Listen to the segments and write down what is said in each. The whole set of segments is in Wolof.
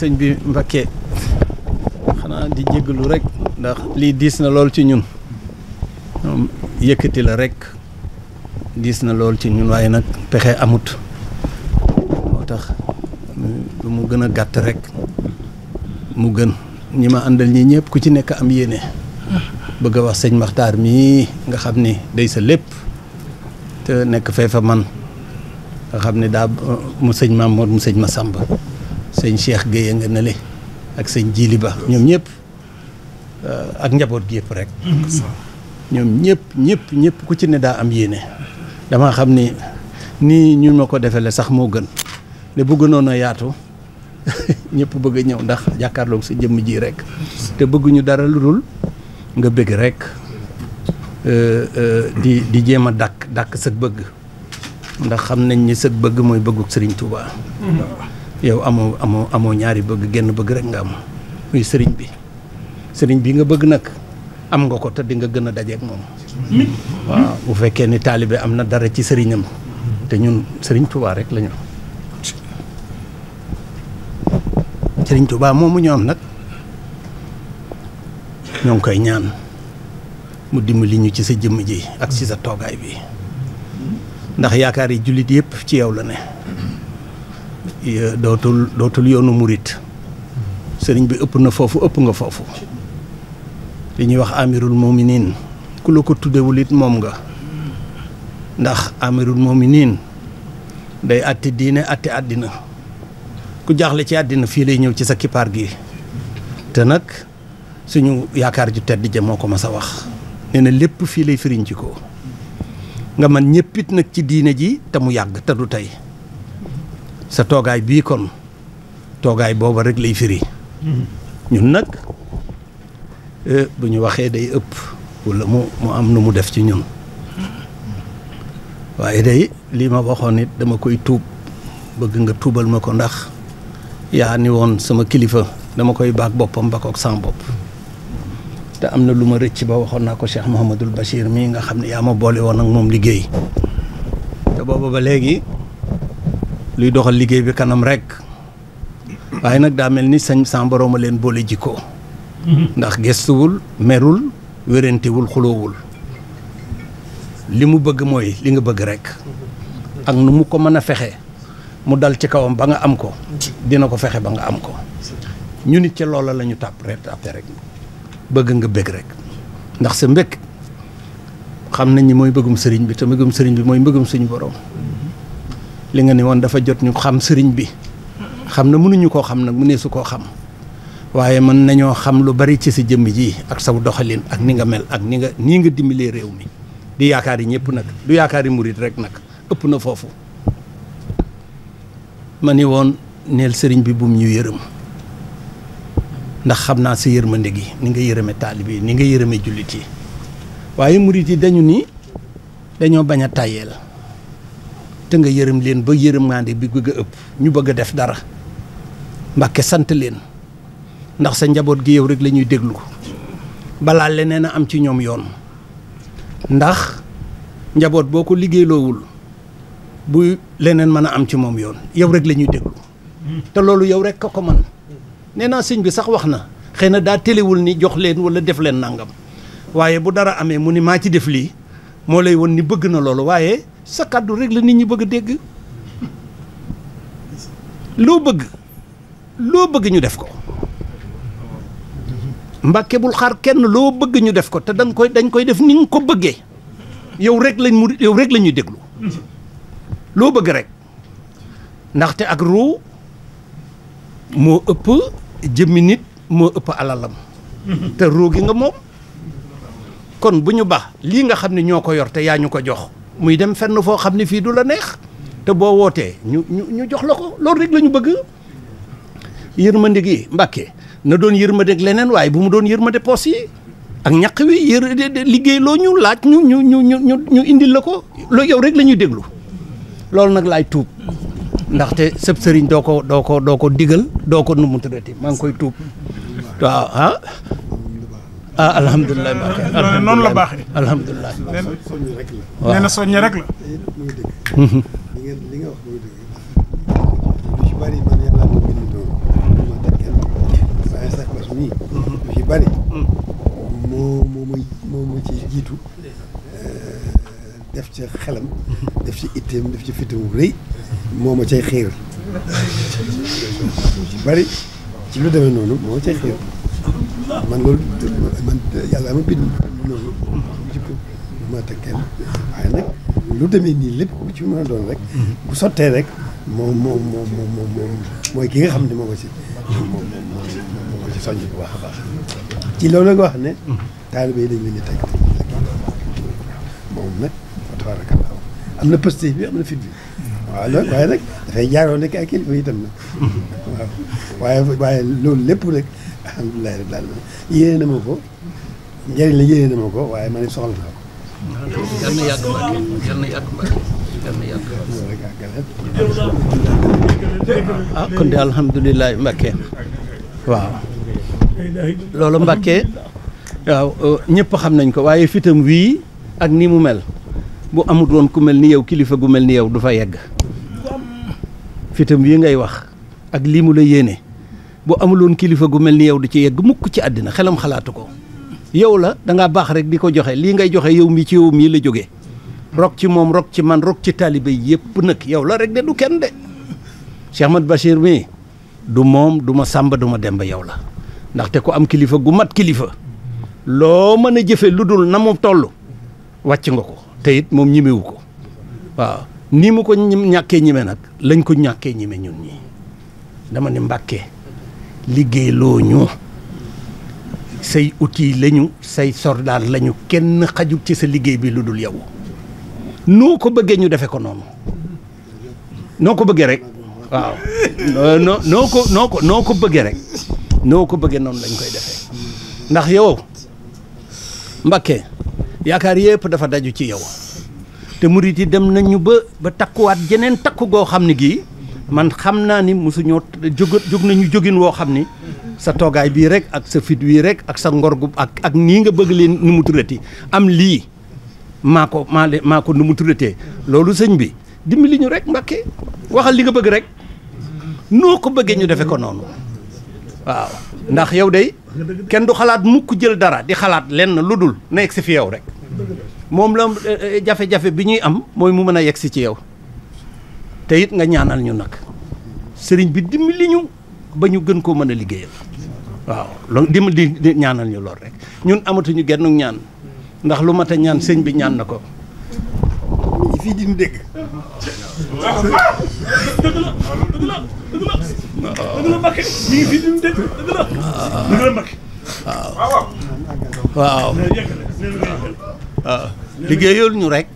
sëñ bi Mbakke xanaa di jéggalu rek ndax lii diis na lool ci ñun yëkkati la rek diis na lool ci ñun waaye nag pexe amut moo tax lu mu gën a gàtt rek mu gën ñi ma àndal ñi ñëpp ku ci nekk am yéene bëgg a wax sëñ Maxtaar mii nga xam ni day sa lépp nekk fee man nga xam ne daa mu sëñ Mamour mu sëñ Masamba sëñ Cheikh geye nga nalé ak sëñ djiliba ñom ñep euh ak njabot gi yëpp rek. ñom ñep ñep ñep ku ci ne da am yene dama xamni ni ñu mako ko defele sax mo gën ne bu gënoon yaatu ñep bëgg ñew ndax jakarlo ci jëm ji rek te bëgguñu dara lu nga bëgg rek euh, euh, di di jema dak dak sëk bëgg ndax xamnañ ni sëk bëgg moy bëgguk Serigne Touba. yow amoo amoo amoo ñaari bëgg genn bëgg rek nga am muy sëriñ bi sëriñ bi nga bëgg nag am nga ko te di nga gën a dajeek moom waaw bu fekkee ni taalibe am na dara ci sëriñam te ñun sëriñ Tuubaa rek lañu am tubaa Tuubaa moomu ñu am nag ñoo ngi koy ñaan mu dimbali ñu ci sa jëmm ji ak ci sa toogaay bi ndax yaakaar yi jullit yëpp ci yow la ne Iya, dootul dootul yoonu murit sëriñ bi ëpp na foofu ëpp nga foofu li ñuy wax amirul muminin, ku la ko tudde wulit moom nga ndax amirul muminin, day atti diine atti àddina ku jaaxle ci àddina fii lay ñëw ci sa kippaar gi te nag suñu yaakaar ju tedd ja moo ko mas wax nee na lépp lay firiñ ci ko nga man ñëppit nag ci diine ji te mu yàgg te du tey sa toogaay bii kon toogaay booba rek lay firi ñun nag e, bu ñu waxee day ëpp wala mu mu am nu mu def ci ñun waaye day lii ma waxoon it dama koy tuub bëgg nga tuubal ma ko ndax yaa ni woon sama kilifa dama koy baag boppam bakook sans bopp te am na lu ma rëcc ba waxoon naa ko Cheikh Mouhamadul Bachir mii nga xam ne yaa ma boole woon ak moom liggéey te booba ba léegi luy doxal liggéey bi kanam rek waaye nag daa mel ni sañ sàmbarooma leen boole jikko mm-hmm. ndax gestuwul merul wérantewul xuloowul li mu bëgg mooy li nga bëgg rekk ak nu mu ko mën a fexe mu dal ci kawam ba nga am ko dina ko fexe ba nga am ko ñu nit ci loola la ñu tàpp rek bëgg nga bëgg rek ndax sa mbëgg xam nañu mooy bëggum sëriñ bi te mbëggum sëriñ bi mooy mbëggum suñu boroom li nga newon dafa jot ñu xam sëriñ bi xam na ñu ko xam nak mënesu ko xam waye man nañoo xam lu bari ci ci jëm ji ak saw doxalin ak ni nga mel ak ni nga ni nga réew mi di yaakaari ñepp nak du yaakaari mourid rek nak ëpp na fofu ma ni neel sëriñ bi bum ñu yërem ndax xamna naa sa yërmande gi ni nga yërmé taalibe yi ni nga yërmé julit yi waye mourid yi dañu ni dañu baña tayel te nga yërëm leen ba yërëmaande bi bëgg a ëpp ñu bëgg a def dara Mbàkke sant leen ndax sa njaboot gi yow rek la ñuy déglu balaa leneen a am ci ñoom yoon ndax njaboot boo ko liggéeyloowul bu leneen mën a am ci moom yoon yow rek lañuy déglu te loolu yow rek ka ko man nee naa sëñ bi sax wax na xëy na daa téléwul ni jox leen wala def leen nangam waaye bu dara amee mu ni maa ci def lii moo lay won ni bëgg na loolu waaye sa kàddu rek la nit ñi bëgg a dégg loo bëgg loo bëgg ñu def ko mbàkke bul xaar kenn loo bëgg ñu def ko te dañ koy dañ koy def ni nga ko bëggee yow rek lañ mu yow rek déglu loo bëgg rek ndaxte ak ruu moo ëpp jëmmi nit moo ëpp alalam te ruu gi nga moom kon bu ñu baax lii nga xam ne ñoo ko yor te yaa ñu ko jox muy dem fenn foo xam ne fii du la neex te boo wootee ñu ñu ñu jox la ko loolu rek la ñu bëgg yërmande gi Mbàkke na doon yërmande ak leneen waaye bu mu doon yërmande poos yi ak ñaq wi yër liggéey loo ñu laaj ñu ñu ñu ñu ñu indil la ko loolu yow rek la ñuy déglu loolu nag laay tuub ndaxte sëb sëriñ doo ko doo ko doo ko digal doo ko nu mu tuddati maa ngi koy tuub waaw ah ah alhamdulilah Mbacke alhamdulilah noonu la baaxee. alhamdulilah soññi rek la. waaw nee na soññi rek la. lu ci bari moo moo ma moo ma ci jiitu def ci xelam def ci itteem def ci fitamu rëy moo ma cay xiir lu ci bari ci lu demee noonu moo ma cay xiir man loolu man yàlla ma bind loolu jikko ma teg kenn waaye nag lu demee nii lépp ku ci mën a doon rek bu sottee rek moom moom moom moom moom mooy ki nga xam ne moo ko ci moom moom moo ko ci soññ bu baax a baax ci loolu la nga wax ne taalibe yi dañ leen di teg moom nag fa tabarakallah am na pësté bi am na fit bi waaw loolu waaye nag dafay jaaroo nekk ak kilifa itam nag waaw waaye waaye loolu lépp rek alhamdulilah ko waaye man soxla naa ko. yal na yàgg ah kon de alhamdulilah mbàkke waaw loolu mbàkke waaw eh, ñëpp xam nañ ko waaye fitam wii ak ni mu mel bu amut woon ku mel ni yow kilifa gu mel ni yow du fa yegg fitam wii ngay wax ak lii mu la yéene. bu amulun kilifa gu melni yow du ci yegg mukk ci adina xelam xalaatu ko yow la da nga bax rek di joxe li ngay joxe yow mi ci yow mi la joge rok ci mom rok ci man rok ci taalibe yep nak yow la rek de du kenn de Cheikh Ahmad bashir mi du mom du ma demba yow la te ko am kilifa gu mat kilifa lo meuna jefe jëfe lu dul na mom nga ko te it moom ñimewu ko waaw ni mu ko ñaké ñimé nak lañ ko ñaké ñimé ñun ñi dama ni liggéeyloo ñu say outils lañu say sordaar lañu kenn xajul ci sa liggéey bi lu dul yow noo ko bëggee ñu defe ko noonu noo ko bëggee rek euh, noo ko noo noo ko bëggee rek noo ko bëggee noonu lañ koy defee ndax yow Mbakke yaakaar yëpp dafa daju ci yow te murit yi dem nañu ba ba takkuwaat jeneen takku goo xam ne gii man xam naa ni mosuñoo jóg jóg nañu jógin woo xam ni sa toogaay bii rek ak sa fit wii rek ak sa ngor gu ak ak nii nga bëgg leen nu mu am lii maa ko maa le maa ko nu mu tuddatee loolu sëñ bi dimbali ñu rek mbakke waxal li nga bëgg rek noo ko bëggee ñu defe ko noonu waaw ndax yow day kenn du xalaat mukk jël dara di xalaat lenn lu dul na yegg fi yow rek moom la eh, eh, jafe-jafe bi ñuy am mooy mu mën a yegg si ci yow te it nga ñaanal ñu nag sëriñ bi dimbali ñu ba ñu gën koo mën a liggéeyal waaw loolu di ñaanal ñu lool rek ñun amatuñu genn ñaan ndax lu mat a ñaan sëñ bi ñaan na ko. fii ñu rek.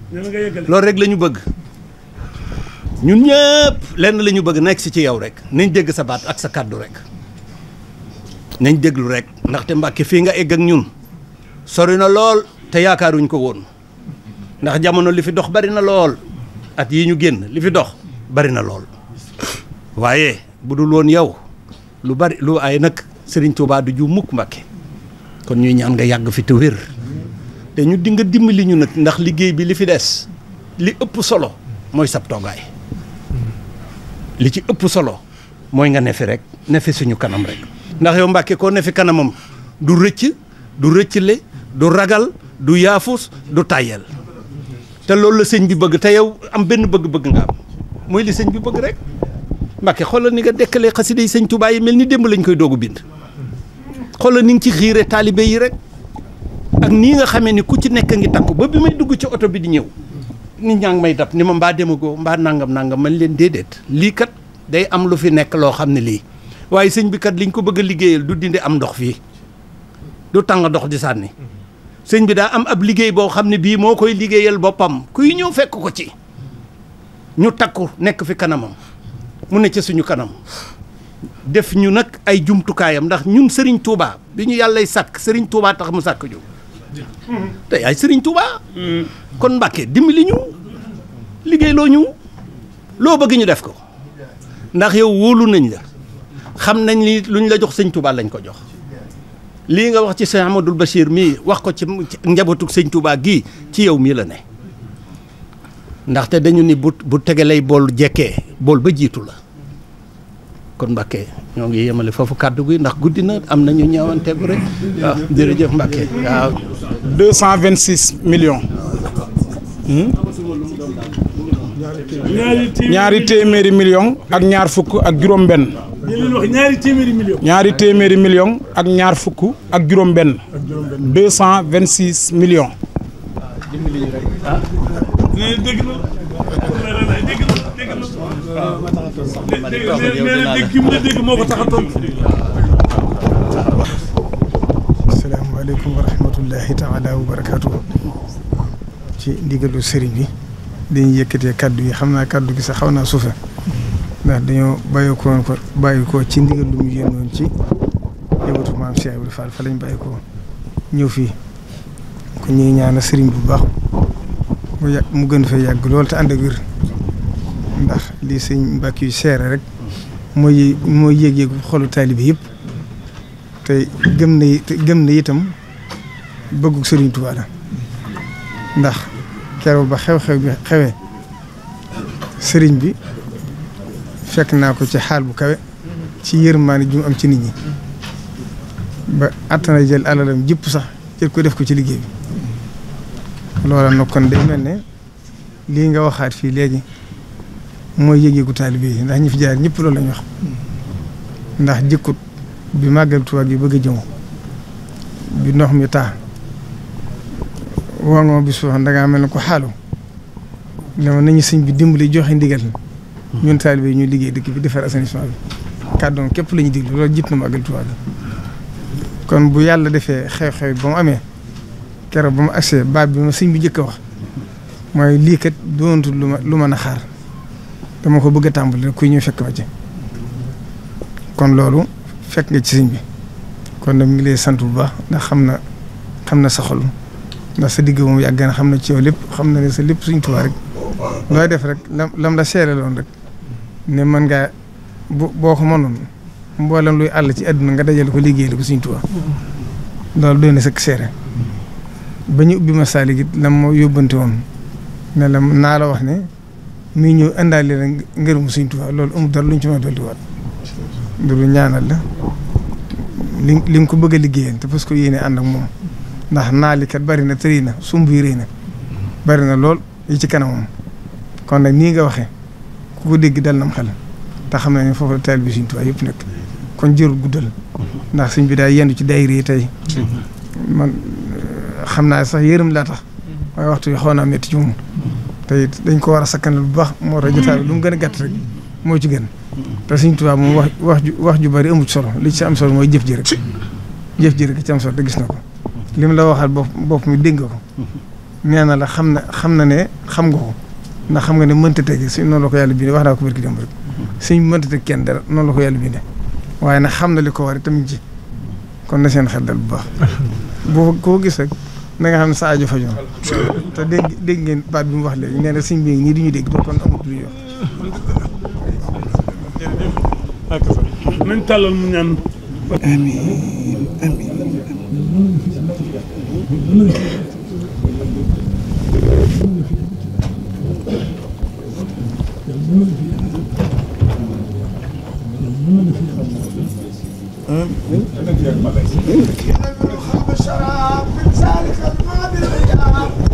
loolu rek la bëgg. ñun ñëpp lenn lañu bëgg nekk ci ci yow rek nañ dégg sa baat ak sa kàddu rek nañ déglu rek ndaxte mbàkke fii nga egg ak ñun sori na lool te yaakaaruñ ko woon ndax jamono li fi dox bari na lool at yi ñu génn li fi dox bari na lool waaye bu dul woon yow lu bari lu ay nag Serigne Touba du ju mukk Mbàkke kon ñuy ñaan nga yàgg fi te wér te ñu di nga dimbali ñu nag ndax liggéey bi li fi des li ëpp solo mooy sab li ci ëpp solo mooy nga nefi rek nefe suñu kanam rek ndax yow Mbàkke koo nefi kanamam du rëcc du rëccale du ragal du yaafus du tàyyel te loolu la sëñ bi bëgg te yow am benn bëgg-bëgg nga am mooy li sëñ bi bëgg rek Mbàkke xoolal ni nga dekkalee xasida yi sëñ Tuubaa yi mel ni démb lañ koy doogu bind xoolal ni nga ci xiire taalibe yi rek ak nii nga xamee ni ku ci nekk ngi takku ba bi may dugg ci oto bi di ñëw nit ñaa ngi may dab ni ma mbaa demagoo mbaa nangam nangam ma leen déedéet lii kat day am lu fi nekk loo xam ne lii waaye sëñ bi kat liñ ko bëgg liggéeyal du dindi am ndox fii du tàng ndox di sànni sëñ bi daa am ab liggéey boo xam ne bii moo koy liggéeyal boppam kuy ñëw fekk ko ci ñu takku nekk fi kanamam mu ne ci suñu kanam def ñu nag ay jumtukaayam ndax ñun sëriñ Touba bi ñu yàllay sàkk sëriñ Touba tax mu sàkk ju te ay sëriñ Touba. kon Mbàkke dimbali ñu liggéeyloo ñu loo bëgg ñu def ko ndax yow wóolu nañ la xam nañ ni luñ la jox sëñ Touba lañ ko jox. lii nga wax ci sëñ Amadou Bachir mii wax ko ci njabootu sëñ Touba gii ci yow mii la ne ndaxte dañu ni bu bu tegalee bool jekkee bool ba jiitu la. kon Mbacke ñoo ngi yemale foofu kàddu gi ndax guddi na am na ñu ñaawanteegu rek waaw jërëjëf Mbacke waaw. deux cent vingt six millions. Hmm? million ñaar fukk ak juróom ñaari téeméeri million. ñaari téeméeri ak ñaar fukk ak juróom-benn. deux cent vingt six million ah. dégg moo ko taxatoon asalaamaaleykum wa rahmatullahi taala wa barakaatuhu ci ndigalu sëriñ bi dañuy yëkkatee kaddu yi xam naa kaddu gi sax xaw naa suufe ndax dañoo bàyyi ko ci ndigal lu mu yéenoon ci yëngatu maam Cheikh Ibrahima Fall fa lañ bàyyi ko ñëw fii ku ñuy ñaana sëriñ bu baax mu yàgg mu gën fee yàgg loolu te ànd ak wér ndax li sëñ mbàkk yu seere rek mooy mooy yéeg-yéegu xolu taalibe yëpp te gëm na gëm na itam bëggu sëriñ ndax keroog ba xew-xew bi xewee sëriñ bi fekk naa ko ci xaal bu kawe ci yërmaane ju am ci nit ñi ba attana jël alalam jëpp sax jël ko def ko ci liggéey bi loola nag kon day mel ne lii nga waxaat fii léegi mooy yëgeeku taalibe yi ndax ñi fi jaar ñëpp loolu la ñu wax ndax dikkut bi màggal Tuubaa gi bëgg a jëmoo bi ndox mi taa woo nga ma bis mel ne ko xaalu dama nañu sëñ bi dimbali joxe ndigal ñun taalibe yi ñuy liggéey dëkk bi defar assainissement bi kàddoom képp la ñuy diglu loolu jip na màggal Tuubaa kon bu yàlla defee xew-xew ba mu amee keroog ba mu agsee baat bi ma sëñ bi njëkk a wax mooy lii kat doontul lu ma lu mën a xaar dama ko bëgg a tàmbali kuy ñuy fekk ma ci kon loolu fekk nga ci sëñ bi kon nag mu ngi lay sant bu baax ndax xam na xam na sa xol ndax sa digg moom yàgg xam na ci yow lépp xam na sa lépp suñ Tuubaa rek looy def rek lam lam la seere loon rek ne man ngaa bu boo ko mënoon mboolem luy àll ci àdduna nga dajale ko liggéeyal ko suñ Tuubaa loolu doy na sëkk seere ba ñu ubbi ma saali gi lam moo yóbbante woon ne la naa la wax ne mii ñëw indaale leen ngërëmu Sëñ Tuubaa loolu amul dara lu ñu ci mën a dolliwaat. loolu ñaanal la li li nga ko bëgg a te parce que yéene moom ndax naalikat bari na tëri na sumb yi rëy na bari na lool yi ci kon nag nii nga waxee ku ko dégg dal na mu xel te xam ne foofu taal bi Sëñ Tuubaa yëpp nekk kon jërul guddal ndax sëñ bi daay yendu ci daayira yi tey man xam naa sax yërëm laa tax waxtu yi xaw naa métti te it dañ ko war a sakkanal bu baax moo tax jotaay bi lu mu gën a gàtt rek moo ci gën te Sëriñ Tuubaa moom wax wax ju wax ju bari amut solo li ci am solo mooy jëf ji rek jëf ji rek ci am solo te gis na ko li mu la waxal bopp bopp mi dégg nga ko nee na la xam na xam na ne xam nga ko ndax xam nga ne mënta teg suñ noonu la ko yàlla bindee wax naa ko barki démb rek suñ mënta teg kenn dara noonu la ko yàlla bindee waaye na xam na li ko war itam ci kon na seen xel dal bu baax boo ko gis rek na nga xam ne sa aajo faju na te dégg dégg ngeen bi mu wax léegi nee na suñ bii nii ñu dégg doo kon amut lu ñu wax mu ñaan amiin